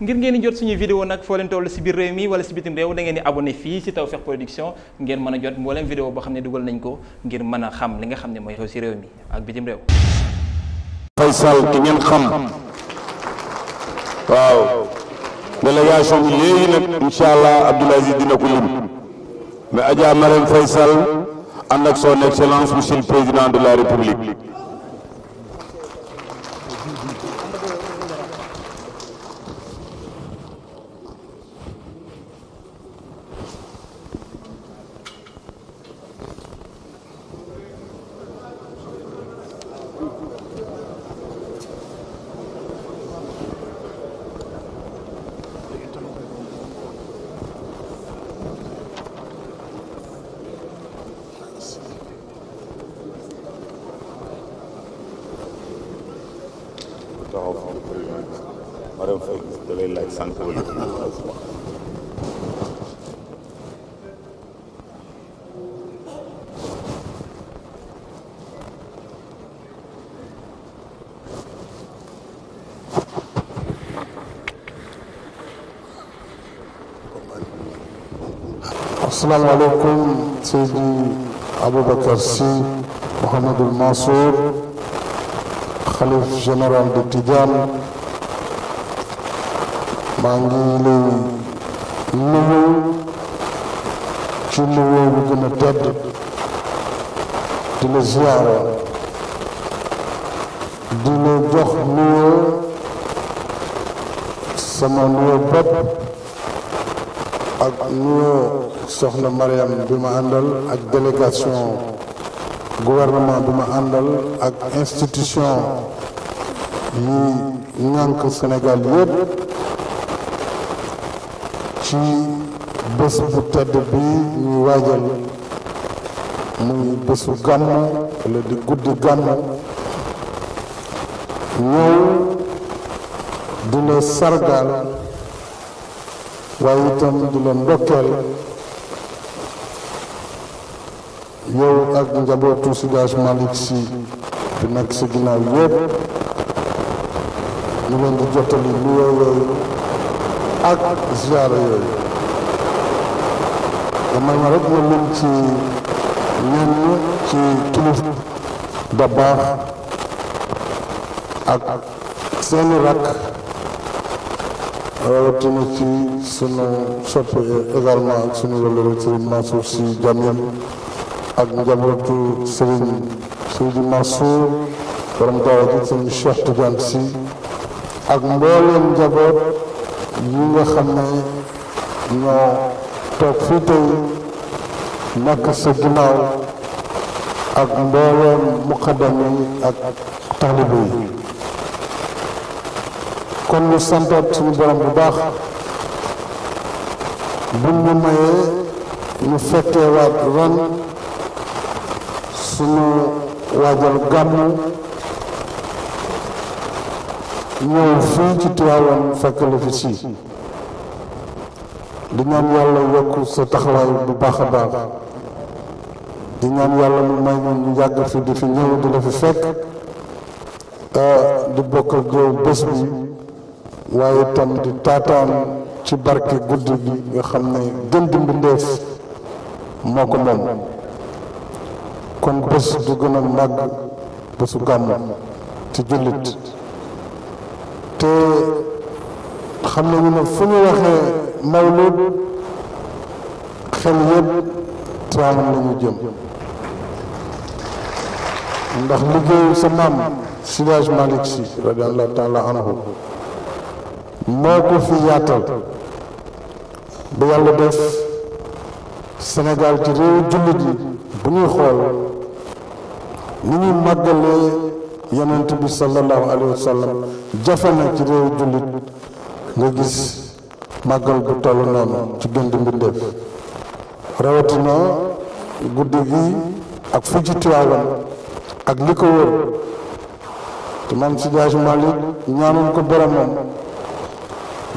ngir ngeen jot suñu vidéo nag foo leen toll si biir réew mi wala si bitim réew da ngeen di abonné fii si Tawfekh Production ngeen mën a jot mbooleem vidéo boo xam ne dugal nañ ko ngir mën a xam li nga xam ne mooy xew si réew mi ak bitim réew Faysal ki ngeen xam waaw délégation bi léegi nag incha allah Abdoul Aziz dina ko lim mais Adja Marème Faysal ànd ak son excellence monsieur le président de la république taxaw fi le président madame Faye da lay laaj sànq wala assalaamu aleykum Seydi Aboubacar Sy Mouhamadul Mansour xalif général de Tidiane maa ngi lay nuyu ci nuyoo bu gën a tedd di jox nuyoo sama nuyoo bopp ak nuyoo soxna Mariam bi ma ak délégation gouvernement bi ma àndal ak institution yi ñànk Sénégal yëpp ci bés bu tedd bi ñuy waajal muy bésu gàmmu wala di guddi gàmmu ñëw di la sargaal waaye itam di la ndokkeel yow ak njabootu Sidaaj Malick si bi nekk si ginnaaw yëpp ñu leen di jottali lu yooyu ak ziyaara yooyu damay ma rek ma lim ci ñenn ci kilif ba ak seeni rakk rawatina ci sunu soppe également ak sunu wàllu Sëriñ Mansour si Jamil ak njabootu sëriñ Seydi Mansour borom daara ji sëriñ Cheikh Tidiane Sy ak mbooleem njaboot yi nga xam ñoo toog fii tey nekk sa ginnaaw ak mbooleem muqaddam yi ak taalibe yi kon ñu santaat suñu borom bu baax buñ ñu mayee ñu fekkee waat ren suñu waajal gàmmu ñëw fii ci Tiwaawan fekk la fi si di ñaan yàlla yokk sa taxawaay bu baax a baax di ñaan yàlla mu may ñu ñu yàgg fi di fi ñëw di la fi fekk di bokk ak bés bi waaye tam di taataan ci barke guddi bi nga xam ne gën di mbindeef moo ko moom kon bés du gën a màgg bésu gàmm ci jullit te xam nañu ne fu ñu waxee mawlud xel yëpp Tiwaawan la jëm ndax liggéeyu sa maam Sidaaj Malick Si moo ko fi yaatal ba yàlla def Sénégal ci réew jullit yi bu ñuy xool ni ñu màggalee yonent bi sallallahu alayhi wa sallam jafe na ci réew jullit nga gis màggal bu toll noonu ci gën di mbindeef rawatina guddi gi ak fu ci Tiwaawan ak li ko wër te man si jaaju Malick ñaanoon ko boromam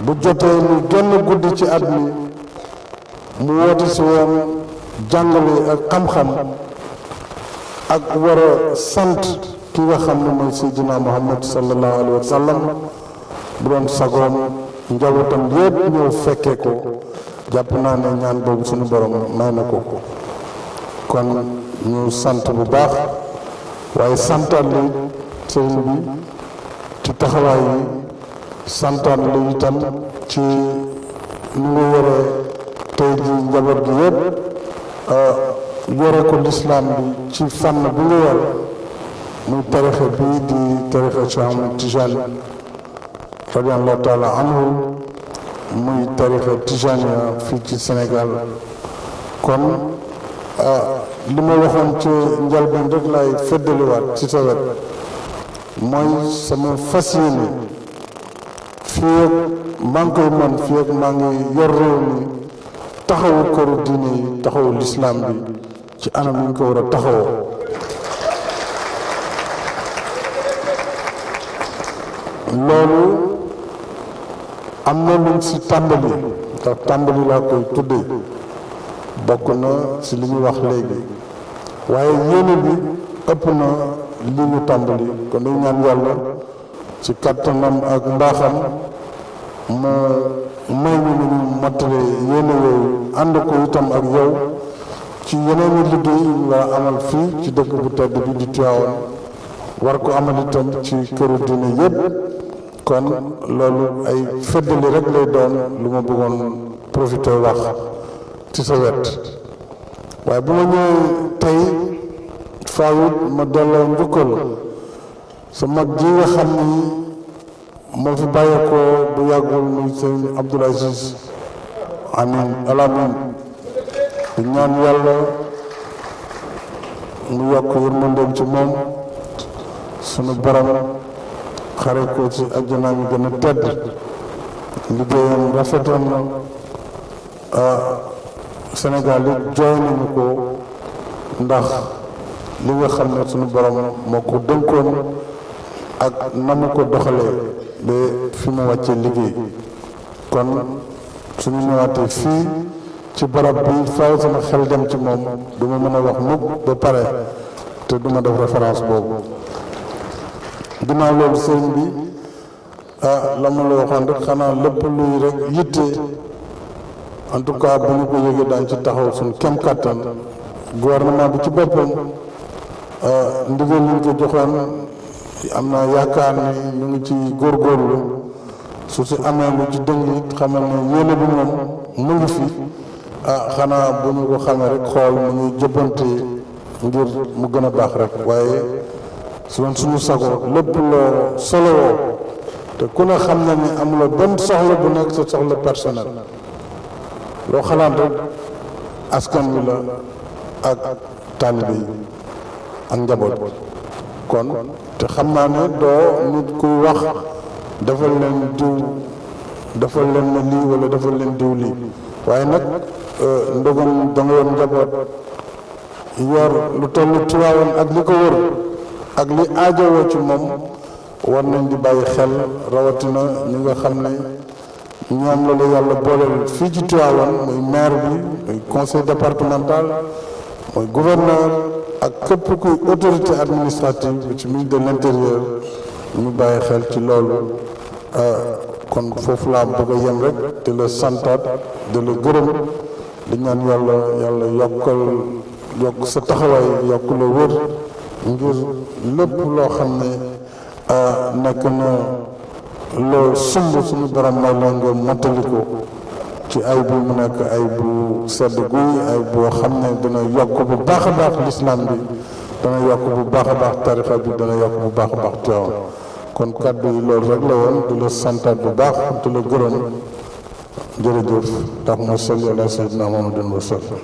bu jotee lu genn guddi ci at mi mu woote si woon jàngale ak xam-xam ak war a sant ki nga xam ne mooy Seydina Muhammad sallallahu alayhi wa sallam bu doon sagoom njabootam yëpp ñëw fekkee ko jàpp naa ne ñaan boobu suñu borom may na ko ko kon ñu sant bu baax waaye santaat la sëriñ bi ci taxawaay ngi yore tey ji njaboot gi yëpp yore ko lislaam bi ci fànn bu nga yor muy tarixa bii di tarixa Cheikh Ahmad Tijaan radiyallahu taala anhu muy tarixa tijaaniya fii ci Sénégal kon ah, li ma waxoon ci njalbeen rek laay feddaliwaat ci sa wet sama fas yéene fii ak maa koy man fii ak maa ngi yor taxawu këru diine taxawu lislaam bi ci anam ñu ko war a taxawoo loolu am na luñ si tàmbali ndax tàmbali laa koy tuddee bokk na si li ñu wax léegi waaye yéene bi ëpp na li ñu tàmbali kon dañ ñaan yàlla ci kattanam ak mbaaxam ma may ñu ñu mottale yéene yooyu ànd ko itam ak yow ci yeneeni liggéey yu amal fii ci dëkk bu tedd bi di Tiwaawan war ko amal itam ci këru diine yépp kon loolu ay feddali rek lay doon lu ma bëggoon profité wax ci sa wet waaye bu ma ñëwee tey faawut ma delloo njukkal sa mag ji nga xam ni moo fi bàyyeekoo bu yàggul muy sëñ Abdoul Aziz amin alamin di ñaan yàlla mu yokk yërmandeem ci moom sunu borom xare ko ci àjjana mi tedd liggéeyam rafetoon na Sénégal jooy nañu ko ndax li nga xam ne sunu borom moo ko dënkoon ak na mu ko doxalee ba fi mu wàccee liggéey kon suñu ñëwaatee fii ci barab bi faaw sama xel dem ci moom du ma mën a wax mukk ba pare te duma def référence boobu ginnaaw loolu sëriñ bi ah la ma la waxoon xanaa lépp luy rek yitte en tout cas bu ñu ko yëgee daañ ci taxaw suñ kem kàttan gouvernement bi ci boppam ah, ndigal liñ ko joxoon am naa yaakaar ni ñu ngi ci góorgóorlu su si amee lu ci dëng it xamal ne yéene bi moom mu ngi fi ah xanaa bu ñu ko xamee rek xool mu ñuy jëbbante ngir mu gën a baax rek waaye su doon suñu sago lépp loo solowoo te ku ne xam na ni amula benn soxla bu nekk sa soxla personnel loo xalaat rek askan wi la ak taalibe yi ak njaboot kon te xam naa ne doo nit kuy wax defal leen diw defal leen ma lii wala defal leen diw lii waaye nag eh, ndogam da nga woon njaboot yor lu toll Tiwaawan ak li ko wër ak li aajowoo ci moom war nañ di bàyyi xel rawatina ñi nga xam ne ñoom la la yàlla booleel fii ci Tiwaawan muy maire bi muy conseil départemental mooy gouverneur ak képp kuy autorité administrative bi ci ministre de l'intérieur ñu bàyyi xel ci loolu eh, kon foofu laa bëgg a yem rek di la santaat di gërëm di ñaan yàlla yàlla yokkal yokk sa taxawaay yokk la wër ngir lépp loo xam ne nekk na loo sumb suñu borom may la nga mottali ci ay bu mu nekk ay bu sedd guy ay boo xam ne dana yokk bu baax a baax lislaam bi dana yokk bu baax a baax tarixa bi dana yokk bu baax a kon kàddu yi loolu rek la woon di la santaat bu baax di la gërëm jërëjëf ndax moo salli ala sayyidina Muhammadin wa sallam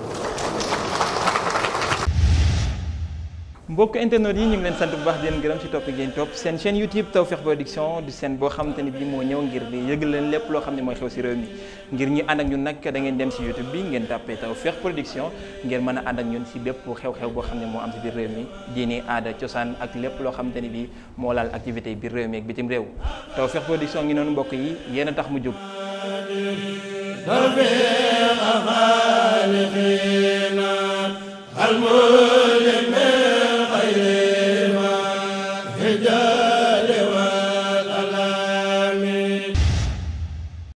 mbokk internet yi ñu ngi leen sant bu baax di leen gërëm ci topp ngeen topp seen chaîne YouTube Production di seen boo xamante ni bii moo ñëw ngir di yëgal lépp loo xam ne mooy xew ci réew mi ngir ñu ànd ak ñun nag da ngeen dem ci YouTube bi ngeen tàppee Tawfekh Production ngeen mën a ànd ak ñun ci bépp xew-xew boo xam ne moo am ci biir réew mi diine aada cosaan ak lépp loo xamante ne bii moo laal activité yi biir réew mi ak bitim réew Tawfekh Production ngi noonu mbokk yi yéen a tax mu jóg. Tawfekh